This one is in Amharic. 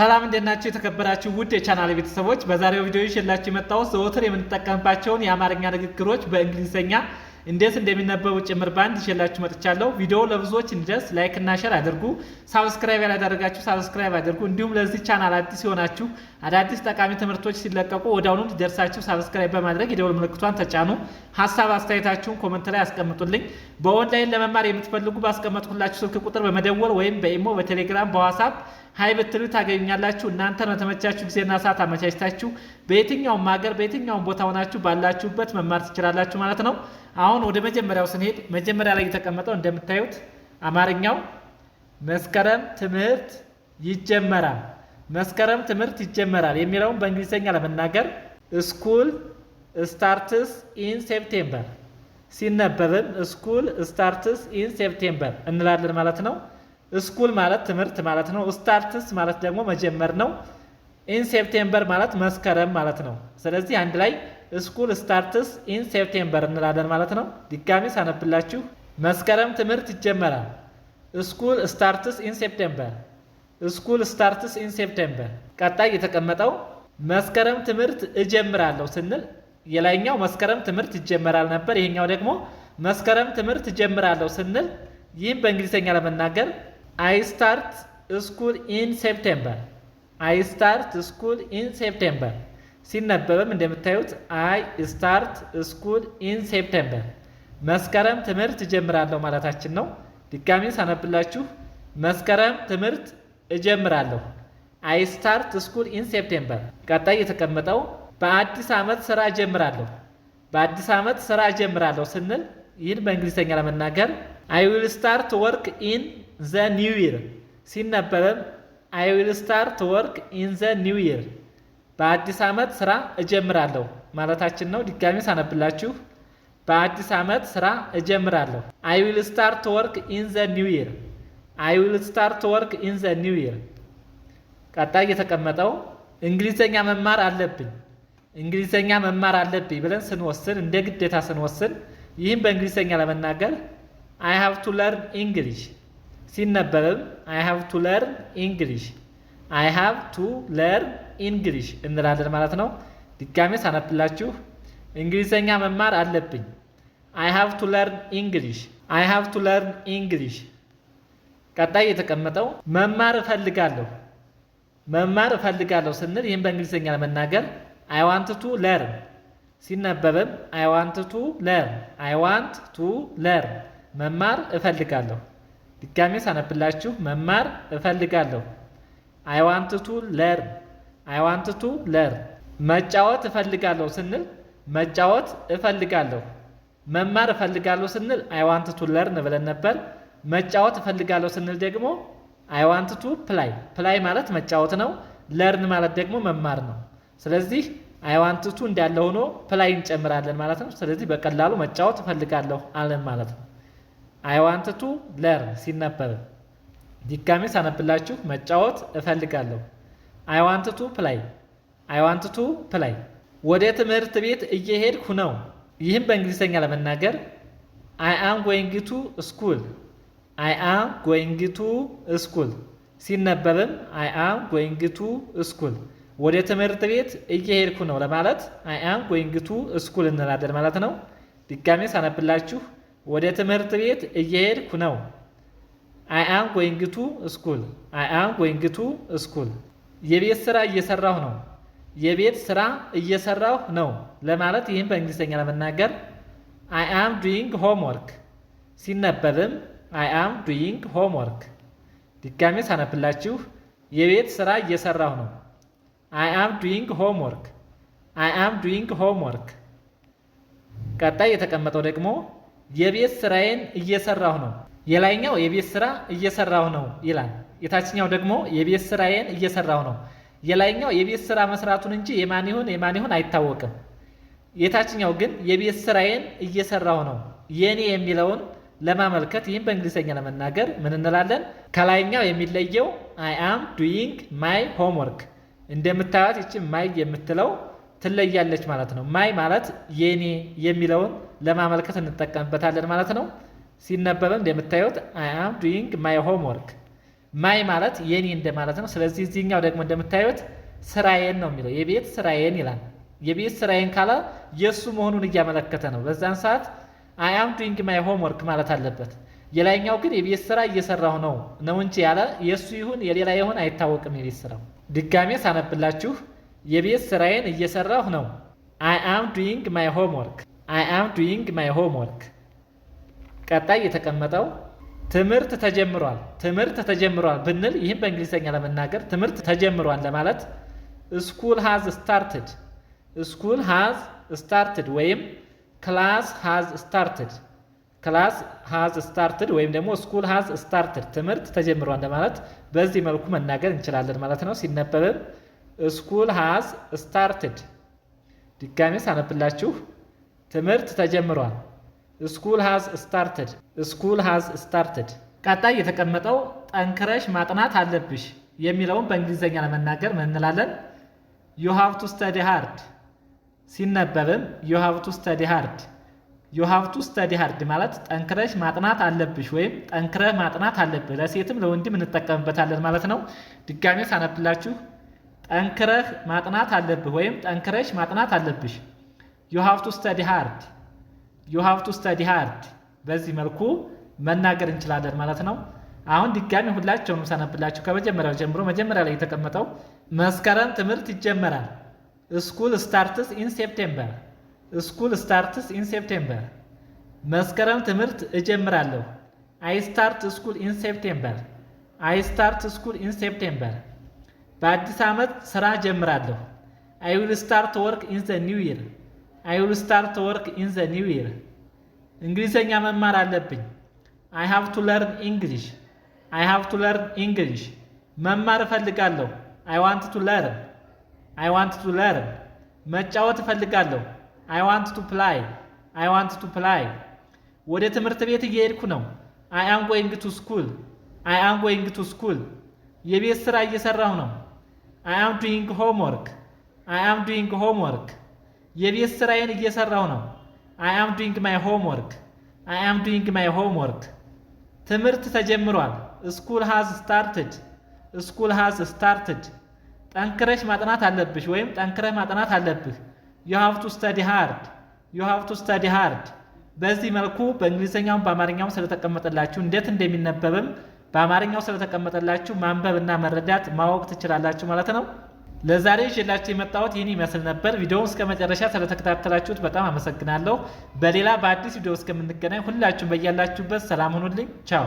ሰላም እንዴት ናችሁ? የተከበራችሁ ውድ የቻናል ቤተሰቦች፣ በዛሬው ቪዲዮ ይዤላችሁ የመጣሁት ዘወትር የምንጠቀምባቸውን የአማርኛ ንግግሮች በእንግሊዝኛ እንዴት እንደሚነበቡ ጭምር ባንድ ይዤላችሁ መጥቻለሁ። ቪዲዮ ለብዙዎች እንዲደርስ ላይክ እና ሼር አድርጉ። ሳብስክራይብ ያላደረጋችሁ ሳብስክራይብ አድርጉ። እንዲሁም ለዚህ ቻናል አዲስ የሆናችሁ አዳዲስ ጠቃሚ ትምህርቶች ሲለቀቁ ወዲያውኑ እንዲደርሳችሁ ሳብስክራይብ በማድረግ የደወል ምልክቷን ተጫኑ። ሀሳብ አስተያየታችሁን ኮመንት ላይ አስቀምጡልኝ። በኦንላይን ለመማር የምትፈልጉ ባስቀመጥኩላችሁ ስልክ ቁጥር በመደወል ወይም በኢሞ፣ በቴሌግራም፣ በዋትስአፕ ሀይ ብትሉ ታገኛላችሁ። እናንተ ነው ተመቻችሁ ጊዜና ሰዓት አመቻችታችሁ በየትኛውም ሀገር በየትኛውም ቦታ ሆናችሁ ባላችሁበት መማር ትችላላችሁ ማለት ነው። አሁን ወደ መጀመሪያው ስንሄድ መጀመሪያ ላይ የተቀመጠው እንደምታዩት አማርኛው መስከረም ትምህርት ይጀመራል፣ መስከረም ትምህርት ይጀመራል የሚለውን በእንግሊዝኛ ለመናገር ስኩል ስታርትስ ኢን ሴፕቴምበር ሲነበብም ስኩል ስታርትስ ኢን ሴፕቴምበር እንላለን ማለት ነው። ስኩል ማለት ትምህርት ማለት ነው። ስታርትስ ማለት ደግሞ መጀመር ነው። ኢን ሴፕቴምበር ማለት መስከረም ማለት ነው። ስለዚህ አንድ ላይ ስኩል ስታርትስ ኢን ሴፕቴምበር እንላለን ማለት ነው። ድጋሚ ሳነብላችሁ መስከረም ትምህርት ይጀመራል። ስኩል ስታርትስ ኢን ሴፕቴምበር፣ ስኩል ስታርትስ ኢን ሴፕቴምበር። ቀጣይ የተቀመጠው መስከረም ትምህርት እጀምራለሁ ስንል የላይኛው መስከረም ትምህርት ይጀመራል ነበር። ይሄኛው ደግሞ መስከረም ትምህርት እጀምራለሁ ስንል ይህም በእንግሊዝኛ ለመናገር አይ ስታርት ስኩል ኢን ሴፕቴምበር አይ ስታርት ስኩል ኢን ሴፕቴምበር ሲነበብም እንደምታዩት አይ ስታርት ስኩል ኢን ሴፕቴምበር መስከረም ትምህርት እጀምራለሁ ማለታችን ነው። ድጋሜ ሳነብላችሁ መስከረም ትምህርት እጀምራለሁ። አይ ስታርት ስኩል ኢን ሴፕቴምበር። ቀጣይ የተቀመጠው በአዲስ ዓመት ስራ እጀምራለሁ። በአዲስ ዓመት ስራ እጀምራለሁ ስንል ይህን በእንግሊዝኛ ለመናገር አይ ዊል ስታርት ወርክ ኢን ዘ ኒው ይር ሲነበብም አይ ዊል ስታርት ወርክ ኢን ዘ ኒው ይር በአዲስ ዓመት ስራ እጀምራለሁ ማለታችን ነው። ድጋሚ ሳነብላችሁ በአዲስ ዓመት ስራ እጀምራለሁ። አይ ዊል ስታርት ወርክ ኢን ዘ ኒው ይር አይ ዊል ስታርት ወርክ ኢን ዘ ኒው ይር። ቀጣይ የተቀመጠው እንግሊዘኛ መማር አለብኝ እንግሊዘኛ መማር አለብኝ ብለን ስንወስን እንደ ግዴታ ስንወስን ይህም በእንግሊዘኛ ለመናገር አይ ሃቭ ቱ ለርን ኢንግሊሽ ሲነበብም አይ ሃቭ ቱ ለርን ኢንግሊሽ አይ ሃቭ ቱ ለርን ኢንግሊሽ እንላለን ማለት ነው። ድጋሜ ሳነብላችሁ እንግሊዘኛ መማር አለብኝ። አይ ሃቭ ቱ ለርን ኢንግሊሽ አይ ሃቭ ቱ ለርን ኢንግሊሽ። ቀጣይ የተቀመጠው መማር እፈልጋለሁ መማር እፈልጋለሁ ስንል ይህም በእንግሊዘኛ ለመናገር አይ ዋንት ቱ ለርን ሲነበብም አይ ዋንት ቱ ለርን አይ ዋንት ቱ ለርን መማር እፈልጋለሁ። ድጋሜ ሳነብላችሁ መማር እፈልጋለሁ። አይ ለር አይዋንትቱ ለር መጫወት እፈልጋለሁ ስንል መጫወት እፈልጋለሁ። መማር እፈልጋለሁ ስንል አይዋንትቱ ለርን ብለን ነበር። መጫወት እፈልጋለሁ ስንል ደግሞ አይዋንትቱ ፕላይ ፕላይ ማለት መጫወት ነው። ለርን ማለት ደግሞ መማር ነው። ስለዚህ አይዋንትቱ እንዳለ ሆኖ ፕላይ እንጨምራለን ማለት ነው። ስለዚህ በቀላሉ መጫወት እፈልጋለሁ አለን ማለት ነው። አይዋንት ቱ ለርን ሲነበብ ድጋሜ ሳነብላችሁ መጫወት እፈልጋለሁ። አይዋንት ቱ ፕላይ አይዋንት ቱ ፕላይ። ወደ ትምህርት ቤት እየሄድኩ ነው። ይህም በእንግሊዝኛ ለመናገር አይ አም ጎይንግ ቱ ስኩል አይ አም ጎይንግ ቱ ስኩል ሲነበብም አይ አም ጎይንግ ቱ ስኩል ወደ ትምህርት ቤት እየሄድኩ ነው ለማለት አይ አም ጎይንግ ቱ ስኩል እንላለን ማለት ነው። ድጋሜ ሳነብላችሁ ወደ ትምህርት ቤት እየሄድኩ ነው። አይ አም ጎይንግ ቱ ስኩል። አይ አም ጎይንግ ቱ ስኩል። የቤት ስራ እየሰራሁ ነው። የቤት ስራ እየሰራሁ ነው ለማለት ይህም በእንግሊዝኛ ለመናገር አይ አም ዱይንግ ሆምወርክ ሲነበብም አይ አም ዱይንግ ሆምወርክ። ድጋሜ ሳነብላችሁ የቤት ስራ እየሰራሁ ነው። አይ አም ዱይንግ ሆምወርክ። አይ አም ዱይንግ ሆምወርክ። ቀጣይ የተቀመጠው ደግሞ የቤት ስራዬን እየሰራሁ ነው። የላይኛው የቤት ስራ እየሰራሁ ነው ይላል። የታችኛው ደግሞ የቤት ስራዬን እየሰራሁ ነው። የላይኛው የቤት ስራ መስራቱን እንጂ የማን ይሁን የማን ይሁን አይታወቅም። የታችኛው ግን የቤት ስራዬን እየሰራሁ ነው። የኔ የሚለውን ለማመልከት ይህም በእንግሊዝኛ ለመናገር ምን እንላለን? ከላይኛው የሚለየው አይ አም ዱይንግ ማይ ሆምወርክ። እንደምታዩት ይቺ ማይ የምትለው ትለያለች ማለት ነው። ማይ ማለት የኔ የሚለውን ለማመልከት እንጠቀምበታለን ማለት ነው። ሲነበበ እንደምታዩት አይ አም ዱይንግ ማይ ሆምወርክ። ማይ ማለት የኔ እንደማለት ነው። ስለዚህ እዚህኛው ደግሞ እንደምታዩት ስራዬን ነው የሚለው የቤት ስራዬን ይላል። የቤት ስራዬን ካለ የእሱ መሆኑን እያመለከተ ነው። በዛን ሰዓት አይ አም ዱይንግ ማይ ሆምወርክ ማለት አለበት። የላይኛው ግን የቤት ስራ እየሰራሁ ነው ነው እንጂ ያለ የእሱ ይሁን የሌላ ይሁን አይታወቅም። የቤት ስራው ድጋሜ ሳነብላችሁ የቤት ስራዬን እየሰራሁ ነው። አይ አም ዱይንግ ማይ ሆምወርክ። አይ አም ዱይንግ ማይ ሆምወርክ። ቀጣይ የተቀመጠው ትምህርት ተጀምሯል። ትምህርት ተጀምሯል ብንል ይህም በእንግሊዝኛ ለመናገር ትምህርት ተጀምሯል ለማለት ስኩል ሃዝ ስታርትድ፣ ስኩል ሃዝ ስታርትድ ወይም ክላስ ሃዝ ስታርትድ፣ ክላስ ሃዝ ስታርትድ ወይም ደግሞ ስኩል ሃዝ ስታርትድ ትምህርት ተጀምሯል ለማለት በዚህ መልኩ መናገር እንችላለን ማለት ነው ሲነበብም ስኩል ሃዝ ስታርትድ። ድጋሜ ሳነብላችሁ ትምህርት ተጀምሯል። ስኩል ሃዝ ስታርትድ፣ ስኩል ሃዝ ስታርትድ። ቀጣይ የተቀመጠው ጠንክረሽ ማጥናት አለብሽ የሚለውን በእንግሊዝኛ ለመናገር ምን እንላለን? ዩ ሃቭ ቱ ስተዲ ሃርድ። ሲነበብም ዩ ሃቭ ቱ ስተዲ ሃርድ። ዩ ሃቭ ቱ ስተዲ ሃርድ ማለት ጠንክረሽ ማጥናት አለብሽ ወይም ጠንክረህ ማጥናት አለብህ። ለሴትም ለወንድም እንጠቀምበታለን ማለት ነው። ድጋሜ ሳነብላችሁ ጠንክረህ ማጥናት አለብህ ወይም ጠንክረሽ ማጥናት አለብሽ። ዩ ሃቭ ቱ ስተዲ ሃርድ ዩ ሃቭ ቱ ስተዲ ሃርድ። በዚህ መልኩ መናገር እንችላለን ማለት ነው። አሁን ድጋሚ ሁላቸውንም ሳነብላችሁ ከመጀመሪያው ጀምሮ መጀመሪያ ላይ የተቀመጠው መስከረም ትምህርት ይጀመራል። ስኩል ስታርትስ ኢን ሴፕቴምበር ስኩል ስታርትስ ኢን ሴፕቴምበር። መስከረም ትምህርት እጀምራለሁ። አይ ስታርት ስኩል ኢን ሴፕቴምበር አይ ስታርት ስኩል ኢን ሴፕቴምበር በአዲስ ዓመት ስራ ጀምራለሁ። አይ ዊል ስታርት ወርክ ኢን ዘ ኒው ይር። አይ ዊል ስታርት ወርክ ኢን ዘ ኒው ይር። እንግሊዘኛ መማር አለብኝ። አይ ሃቭ ቱ ለርን ኢንግሊሽ። አይ ሃቭ ቱ ለርን ኢንግሊሽ። መማር እፈልጋለሁ። አይ ዋንት ቱ ለርን። አይ ዋንት ቱ ለርን። መጫወት እፈልጋለሁ። አይ ዋንት ቱ ፕላይ። አይ ዋንት ቱ ፕላይ። ወደ ትምህርት ቤት እየሄድኩ ነው። አይ አም ጎይንግ ቱ ስኩል። አይ አም ጎይንግ ቱ ስኩል። የቤት ስራ እየሰራሁ ነው። አይ አም ዱይንግ ሆምወርክ አይ አም ዱይንግ ሆምወርክ የቤት ስራዬን እየሰራሁ ነው። አይ አም ዱይንግ ማይ ሆምወርክ አይ አም ዱይንግ ማይ ሆምወርክ ትምህርት ተጀምሯል። ስኩል ሃዝ ስታርትድ ስኩል ሃዝ ስታርትድ ጠንክረሽ ማጥናት አለብሽ ወይም ጠንክረህ ማጥናት አለብህ። ዩ ሃቭ ቱ ስተዲ ሃርድ ዩ ሃቭ ቱ ስተዲ ሃርድ። በዚህ መልኩ በእንግሊዝኛውም በአማርኛውም ስለተቀመጠላችሁ እንዴት እንደሚነበብም በአማርኛው ስለተቀመጠላችሁ ማንበብና መረዳት ማወቅ ትችላላችሁ ማለት ነው። ለዛሬ ይዤላችሁ የመጣሁት ይህን ይመስል ነበር። ቪዲዮውን እስከ መጨረሻ ስለተከታተላችሁት በጣም አመሰግናለሁ። በሌላ በአዲስ ቪዲዮ እስከምንገናኝ ሁላችሁም በያላችሁበት ሰላም ሁኑልኝ። ቻው